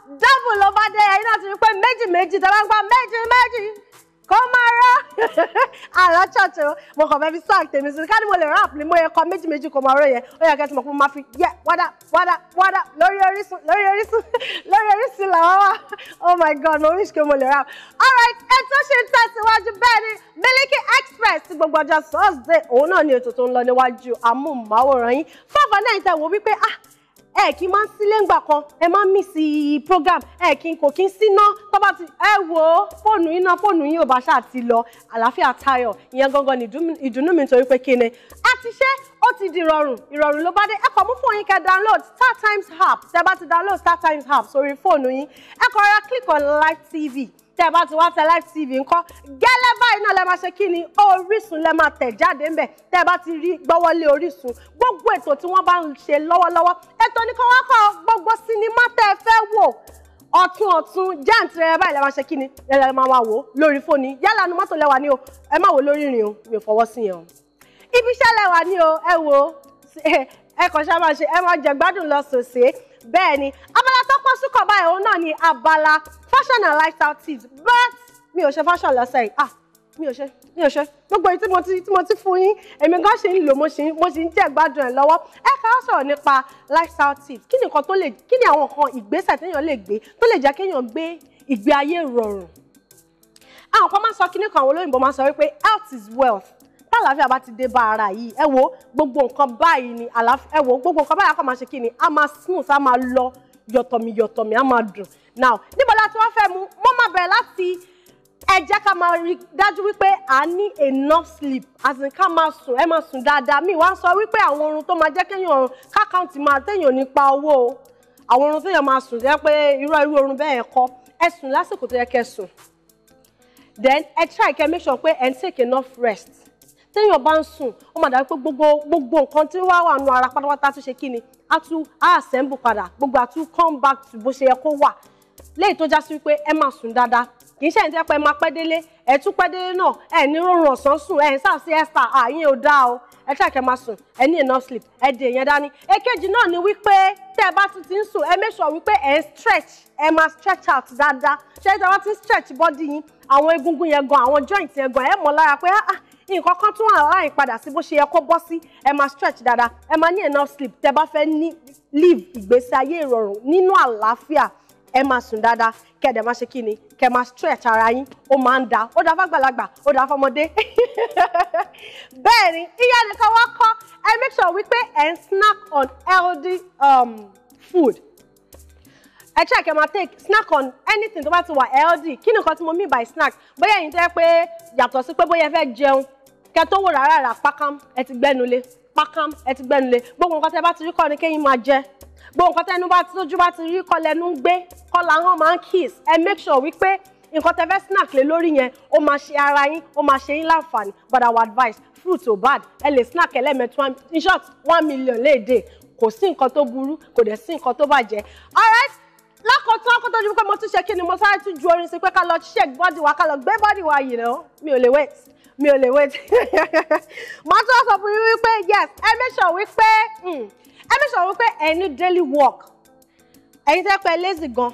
double ló bá dé ẹ̀yin náà ti rí pé méjì méjì tẹ́ bá ń pa méjì méjì kó máa rá àlọ́ ṣọ̀tún mo kàn fẹ́ fi sọ àtẹ̀mí sí ká ní mo lè rap. àpìlẹ̀ mo yẹ kọ méjì méjì kó máa rọ yẹn ó yẹ kẹ́tì mo kún máa fi yẹ wádà wádà wádà lórí Orísun lórí Orísun lórí Orísun làwọn wà oh my god mo wish pé mo lè rà all right ètò ṣe ń tẹ̀síwájú bẹ́ẹ̀ ni Miliki Express ti gbogbo ọjọ́ Thursday òun náà ni ètò tó ń lọ níwájú amóhùnmáwòrán yín fáfáná ìtẹ̀wò wípé ah ẹ kí n máa ń sílé ńgbà kan ẹ máa ń mí sí program ẹ kí n kò kí n síná tó bá ti ẹ wo fóònù yín náà fóònù yín ò bá ṣáà ti lọ àlàáfíà tayọ ìyẹn gangan ni ìdùnnú mi nítorí pé kí ni a ti ṣe ó ti di ìrọ̀rùn ìrọ̀rùn ló bá dé ẹ kàn mú fóònù yín kẹ́ download star times app tẹ́ bá ti download star times app sórí fóònù yín ẹ kàn rárá click on live tv tẹ́ ẹ bá ti wá tẹ Live TV ńkọ́ gẹ́lẹ́ báyìí náà lẹ́ máa ṣe kí ni Orísun lẹ́ máa tẹ̀ jáde ńbẹ̀ tẹ́ ẹ bá ti rí gbọ́wọ́lé Orísun gbogbo ètò tí wọ́n bá ń ṣe lọ́wọ́lọ́wọ́ ètò ní kọ́ wọ́n kọ́ gbogbo sinimá tẹ́ ẹ fẹ́ wò ọ̀tún ọ̀tún jáǹtìrẹrẹ báyìí lẹ́ máa ṣe kí ni lẹ́ máa wá wò lórí fóònù yálà nu mọ́tò lẹ́wà ni o ẹ má wò lórí ìrìn o mi ò fọwọ́ sí yẹn o ibiṣẹ́ lẹ́wà ni o ẹ wò ẹ kàn ṣáà máa ṣe ẹ máa jẹ gbádùn lọ sòsè bẹ́ẹ̀ ni abala tó pọ̀ sùkọ̀ báyìí òun náà ni abala fashion and lifestyle tips but mi ò ṣe fashion lọ́sẹ̀ yìí ah mi ò ṣe mi ò ṣe gbogbo èyí tí mo ti tí mo ti fún yín èmi gan ṣe ń lò mo ṣe mo ṣe ń jẹ́ gbádùn ẹ̀ lọ́wọ́ ẹ ká sọ̀rọ̀ nípa lifestyle tips kí ni nǹkan tó lè kí ni àwọn nǹkan ìgbésẹ̀ téèyàn lè gbé tó lè jẹ́ kéèyàn gbé ìgbé ayé rọrùn àwọn kan máa ń sọ kan àwọn olóyìnbó máa ń sọ health is wealth tàlàáfíà bá ti dé bá ara yìí ẹ wo gbogbo nǹkan báyìí ni àlàáfíà ẹ wo gbogbo nǹkan báyìí a kàn máa ṣe kí ni a máa smooth a máa lọ yọ̀tọ̀mì yọ̀tọ̀mì á máa dùn now níbo la ti wá fẹ́ mu mo máa bẹ̀rẹ̀ láti ẹ jẹ́ ká máa rí dájú wípé à ń ní enough sleep as in ká máa sùn ẹ máa sùn dáadáa mi wá sọ wípé àwọn oorun tó máa jẹ́ kéèyàn ọrùn kákàǹtì máa téèyàn nípa owó o àwọn oorun téèyàn máa sùn jẹ́ pé irú irú oorun bẹ́ẹ̀ kọ́ ẹ sùn lásìkò tó yẹ kẹ́ sùn then ẹ try kẹ́ make sure pé ẹ ń take enough rest téèyàn bá ń sùn ó máa dàbí pé gbogbo gbogbo nǹkan tí wàá wà nù ara pátápátá tó ṣe kí ni á tún á assemble padà gbogbo àtú come back to bó ṣe yẹ kó wà léyìí tó já sí wípé ẹ máa sùn dáadáa kì í ṣe ìjẹ́ pé ẹ máa pẹ́ délé ẹ tún pẹ́ délé náà ẹ ní rọrùn ọ̀sán sùn ẹ ń sá sí ẹ́sítà àyín ò dáa o ẹ ṣáà kẹ́ máa sùn ẹ ní enough sleep ẹ dè yẹn dání. èkejì náà ni wípé tẹ́ ẹ bá tún ti ń sùn ẹ make sure wípé ẹ ń stretch ẹ máa stretch out dáadáa ṣé ẹ jẹ́ wá ti ń stretch body yín àwọn egungun yẹn gan àwọn joint yẹn gan ẹ mọ̀ lára pé ah ah nǹkan kan tún align padà sí bó ṣe yẹ kó bọ́ sí ẹ máa stretch dáadáa ẹ máa ní enough sleep tẹ bá fẹ́ ní live ìgbésí ayé ìrọ̀rùn nínú àlàáfíà ẹ máa sùn dáadáa kẹ̀dẹ̀ máa ṣe kí ni kẹ̀ máa stretch ara yín ó máa ń da ó da fàgbàlagbà ó da fọmọdé bẹ́ẹ̀ ni iye nìkan wá kọ́ ẹ make sure wípé ẹ ń snack on healthy um, food ẹ check ẹ máa take snack on anything tó bá ti wà healthy kí ni nǹkan tí mo mean by snack bóyá ẹ̀yin tẹ́ pé yàtọ̀ sí pé bóyá ẹ fẹ́ jẹun kẹ tó wò rárá rà pákám ẹ ti gbẹnulé pákám ẹ ti gbẹnulé gbogbo nǹkan tẹ bá ti rí kọ́ ni kéyìn máa jẹ gbogbo nǹkan tẹnu bá ti tójú bá ti rí kọ́ lẹnu ń gbé kọ́ làwọn máa ń kiss ẹ make sure wípé nǹkan tẹ fẹ́ snack lé lórí yẹn ó máa ṣe ara yín ó máa ṣe yín láǹfààní but our advice fruit ò bad ẹ lè snack ẹlẹ́mẹ̀tọ́ in short one million léèdè kò sí nǹkan tó burú kò dẹ̀ sí nǹkan tó bàjẹ́ alright lákòótán kó tó pé mo tún ṣe kí ni mo sáré tún ju orin sí pé ká lọ check body ká lọ gbé body yìí you mi ò lè wait mi ò lè wait màá tó sọ fún yín wípé yes ẹ make sure wípé hmm, ẹ make sure wípé ẹ ní daily work ẹ̀yin tẹ́ pẹ́ lazy gan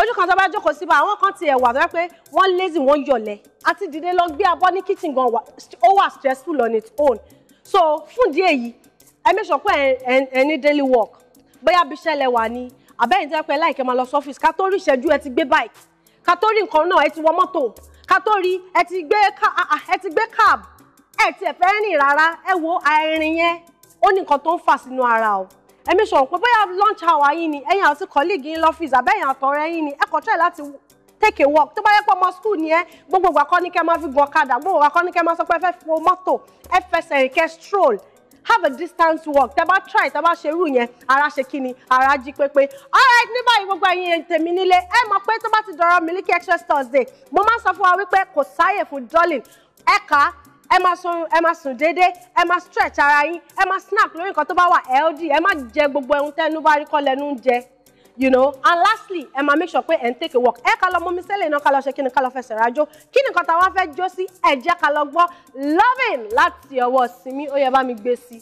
ojú kan tó bá jókòó síbà àwọn kan ti ẹ̀wà tó yẹ pé wọ́n lazy wọ́n yọ̀lẹ̀ àti dìde lọ gbé abọ́ ní kitchen gan ó stressful on its own so fún díẹ̀ yìí ẹ make sure pé ẹ ní daily work bóyá bí iṣẹ́ lẹ wà ní àbẹ́yìn tẹ́ pẹ́ láìkẹ́ máa lọ sọ́fíìsì ká tó rí ìṣẹ́jú ẹ ti gbé bike ká tó rí nǹkan náà ẹ ti wọ mọ́tò ká tó rí ẹ ti gbé ah, ah, ẹ ti gbé cab ẹ tiẹ̀ fẹ́ rìn rárá ẹ wo àìrìn yẹn ó ní nǹkan tó ń fà sínú ara o ẹ̀mí sọ̀rọ̀ pé bóyá lunch hour yìí ni ẹ̀yin àti colleague yín lọ́fíìsì àbẹ́yìn àtọ̀rẹ́ yín ni ẹ kọ̀ try láti take a walk tó bá yẹ pé ọmọ school ni ẹ gbogbo ìgbà kọ́ ni kẹ́ máa fi gun ọ̀kadà gbogbo ìgbà kọ́ ni kẹ́ máa sọ pé ẹ fẹ́ fo mọ́tò ẹ fẹsẹ̀ rìn kẹ́ stroll have a distance walk tẹ bá try tẹ bá ṣe irú yẹn ara ṣe kí ni ara jí pépé all right ní báyìí gbogbo ẹ̀yin tèmi nílé ẹ mọ̀ pé tó bá ti dọ̀rọ̀ Miliki Express Thursday mo máa ń sọ fún wa wípé kò sáyè fún darling ẹ̀ka ẹ máa sùn ẹ máa sùn déédéé ẹ máa stretch ara yín ẹ máa snack lórí nǹkan tó bá wà healthy ẹ má jẹ gbogbo ẹ̀hún tẹ́nu bá rí kọ́ lẹ́nu ń jẹ you know and lastly ẹ máa make sure pé ẹ ń take a walk ẹ ká lọ mọmi sẹ́lẹ̀ náà ká lọ ṣe kí ni ká lọ fẹsẹ̀ rajó kí ni nǹkan wá fẹ́ jó sí ẹ jẹ́ lọ gbọ́ loving láti ọwọ́ Simi Oyèbámigbé sí.